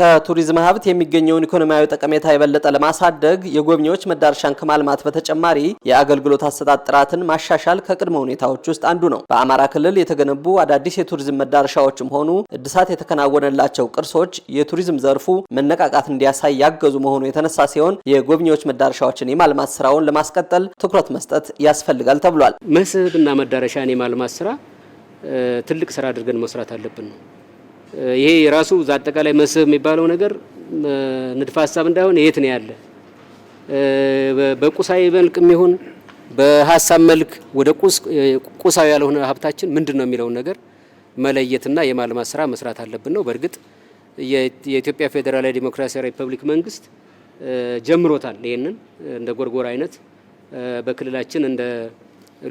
ከቱሪዝም ሀብት የሚገኘውን ኢኮኖሚያዊ ጠቀሜታ የበለጠ ለማሳደግ የጎብኚዎች መዳረሻን ከማልማት በተጨማሪ የአገልግሎት አሰጣጥ ጥራትን ማሻሻል ከቅድመ ሁኔታዎች ውስጥ አንዱ ነው። በአማራ ክልል የተገነቡ አዳዲስ የቱሪዝም መዳረሻዎችም ሆኑ እድሳት የተከናወነላቸው ቅርሶች የቱሪዝም ዘርፉ መነቃቃት እንዲያሳይ ያገዙ መሆኑ የተነሳ ሲሆን የጎብኚዎች መዳረሻዎችን የማልማት ስራውን ለማስቀጠል ትኩረት መስጠት ያስፈልጋል ተብሏል። መስህብና መዳረሻን የማልማት ስራ ትልቅ ስራ አድርገን መስራት አለብን ነው ይሄ የራሱ አጠቃላይ መስህብ የሚባለው ነገር ንድፈ ሀሳብ እንዳይሆን የት ነው ያለ በቁሳዊ መልክ የሚሆን በሀሳብ መልክ ወደ ቁሳዊ ያልሆነ ሀብታችን ምንድን ነው የሚለውን ነገር መለየትና የማልማት ስራ መስራት አለብን ነው። በእርግጥ የኢትዮጵያ ፌዴራላዊ ዴሞክራሲያዊ ሪፐብሊክ መንግስት ጀምሮታል። ይህንን እንደ ጎርጎር አይነት በክልላችን እንደ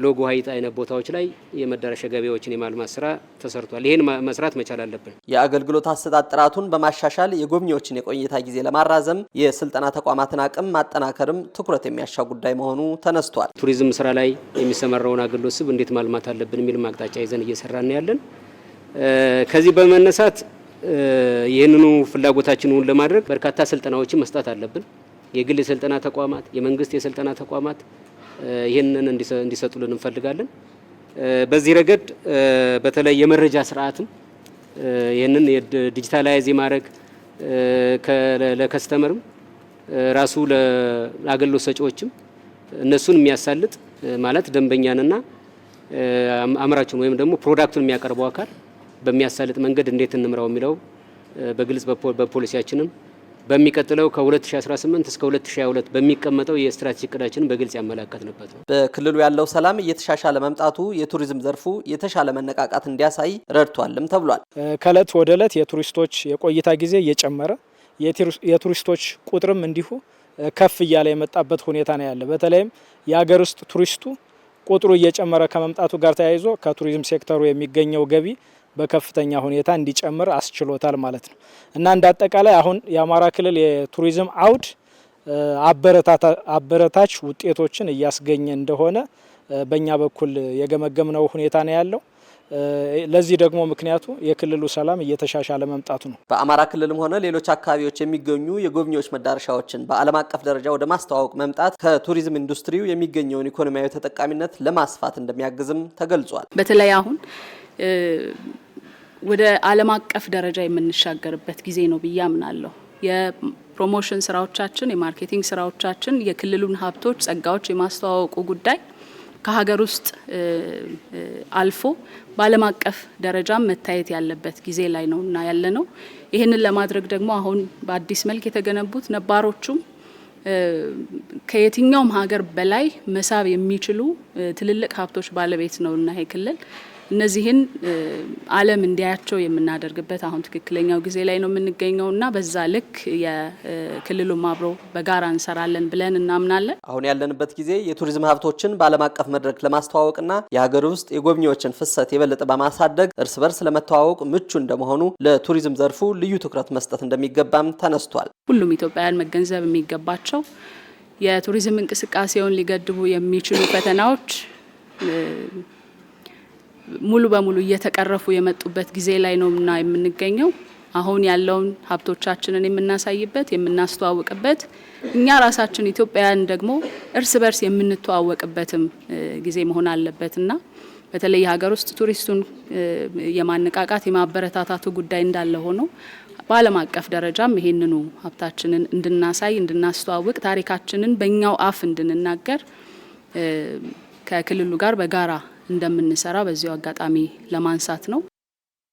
ሎጎ ሀይት አይነት ቦታዎች ላይ የመዳረሻ ገበያዎችን የማልማት ስራ ተሰርቷል። ይህን መስራት መቻል አለብን። የአገልግሎት አሰጣጥ ጥራቱን በማሻሻል የጎብኚዎችን የቆይታ ጊዜ ለማራዘም የስልጠና ተቋማትን አቅም ማጠናከርም ትኩረት የሚያሻ ጉዳይ መሆኑ ተነስቷል። ቱሪዝም ስራ ላይ የሚሰማራውን አገልግሎት ስብ እንዴት ማልማት አለብን የሚል ማቅጣጫ ይዘን እየሰራን ያለን ከዚህ በመነሳት ይህንኑ ፍላጎታችንን ለማድረግ በርካታ ስልጠናዎችን መስጠት አለብን። የግል የስልጠና ተቋማት፣ የመንግስት የስልጠና ተቋማት ይህንን እንዲሰጡልን እንፈልጋለን። በዚህ ረገድ በተለይ የመረጃ ስርዓትም ይህንን ዲጂታላይዝ የማድረግ ለከስተመርም ራሱ ለአገልግሎት ሰጪዎችም እነሱን የሚያሳልጥ ማለት ደንበኛንና አምራቹን ወይም ደግሞ ፕሮዳክቱን የሚያቀርበው አካል በሚያሳልጥ መንገድ እንዴት እንምራው የሚለው በግልጽ በፖሊሲያችንም በሚቀጥለው ከ2018 እስከ 2022 በሚቀመጠው የስትራቴጂክ እቅዳችንን በግልጽ ያመላከትንበት ነው። በክልሉ ያለው ሰላም እየተሻሻለ መምጣቱ የቱሪዝም ዘርፉ የተሻለ መነቃቃት እንዲያሳይ ረድቷልም ተብሏል። ከእለት ወደ እለት የቱሪስቶች የቆይታ ጊዜ እየጨመረ የቱሪስቶች ቁጥርም እንዲሁ ከፍ እያለ የመጣበት ሁኔታ ነው ያለ። በተለይም የሀገር ውስጥ ቱሪስቱ ቁጥሩ እየጨመረ ከመምጣቱ ጋር ተያይዞ ከቱሪዝም ሴክተሩ የሚገኘው ገቢ በከፍተኛ ሁኔታ እንዲጨምር አስችሎታል ማለት ነው እና እንደ አጠቃላይ አሁን የአማራ ክልል የቱሪዝም አውድ አበረታች ውጤቶችን እያስገኘ እንደሆነ በእኛ በኩል የገመገምነው ሁኔታ ነው ያለው። ለዚህ ደግሞ ምክንያቱ የክልሉ ሰላም እየተሻሻለ መምጣቱ ነው። በአማራ ክልልም ሆነ ሌሎች አካባቢዎች የሚገኙ የጎብኚዎች መዳረሻዎችን በዓለም አቀፍ ደረጃ ወደ ማስተዋወቅ መምጣት ከቱሪዝም ኢንዱስትሪው የሚገኘውን ኢኮኖሚያዊ ተጠቃሚነት ለማስፋት እንደሚያግዝም ተገልጿል። በተለይ አሁን ወደ ዓለም አቀፍ ደረጃ የምንሻገርበት ጊዜ ነው ብዬ አምናለሁ። የፕሮሞሽን ስራዎቻችን፣ የማርኬቲንግ ስራዎቻችን፣ የክልሉን ሀብቶች፣ ጸጋዎች የማስተዋወቁ ጉዳይ ከሀገር ውስጥ አልፎ በዓለም አቀፍ ደረጃም መታየት ያለበት ጊዜ ላይ ነውና ያለ ነው። ይህንን ለማድረግ ደግሞ አሁን በአዲስ መልክ የተገነቡት ነባሮቹም ከየትኛውም ሀገር በላይ መሳብ የሚችሉ ትልልቅ ሀብቶች ባለቤት እና ይሄ ክልል እነዚህን ዓለም እንዲያያቸው የምናደርግበት አሁን ትክክለኛው ጊዜ ላይ ነው የምንገኘው እና በዛ ልክ የክልሉም አብሮ በጋራ እንሰራለን ብለን እናምናለን። አሁን ያለንበት ጊዜ የቱሪዝም ሀብቶችን በዓለም አቀፍ መድረክ ለማስተዋወቅና የሀገር ውስጥ የጎብኚዎችን ፍሰት የበለጠ በማሳደግ እርስ በርስ ለመተዋወቅ ምቹ እንደመሆኑ ለቱሪዝም ዘርፉ ልዩ ትኩረት መስጠት እንደሚገባም ተነስቷል። ሁሉም ኢትዮጵያውያን መገንዘብ የሚገባቸው የቱሪዝም እንቅስቃሴውን ሊገድቡ የሚችሉ ፈተናዎች ሙሉ በሙሉ እየተቀረፉ የመጡበት ጊዜ ላይ ነው ና የምንገኘው። አሁን ያለውን ሀብቶቻችንን የምናሳይበት የምናስተዋውቅበት፣ እኛ ራሳችን ኢትዮጵያውያን ደግሞ እርስ በርስ የምንተዋወቅበትም ጊዜ መሆን አለበትና በተለይ የሀገር ውስጥ ቱሪስቱን የማነቃቃት የማበረታታቱ ጉዳይ እንዳለ ሆኖ በዓለም አቀፍ ደረጃም ይሄንኑ ሀብታችንን እንድናሳይ እንድናስተዋውቅ ታሪካችንን በእኛው አፍ እንድንናገር ከክልሉ ጋር በጋራ እንደምንሰራ በዚሁ አጋጣሚ ለማንሳት ነው።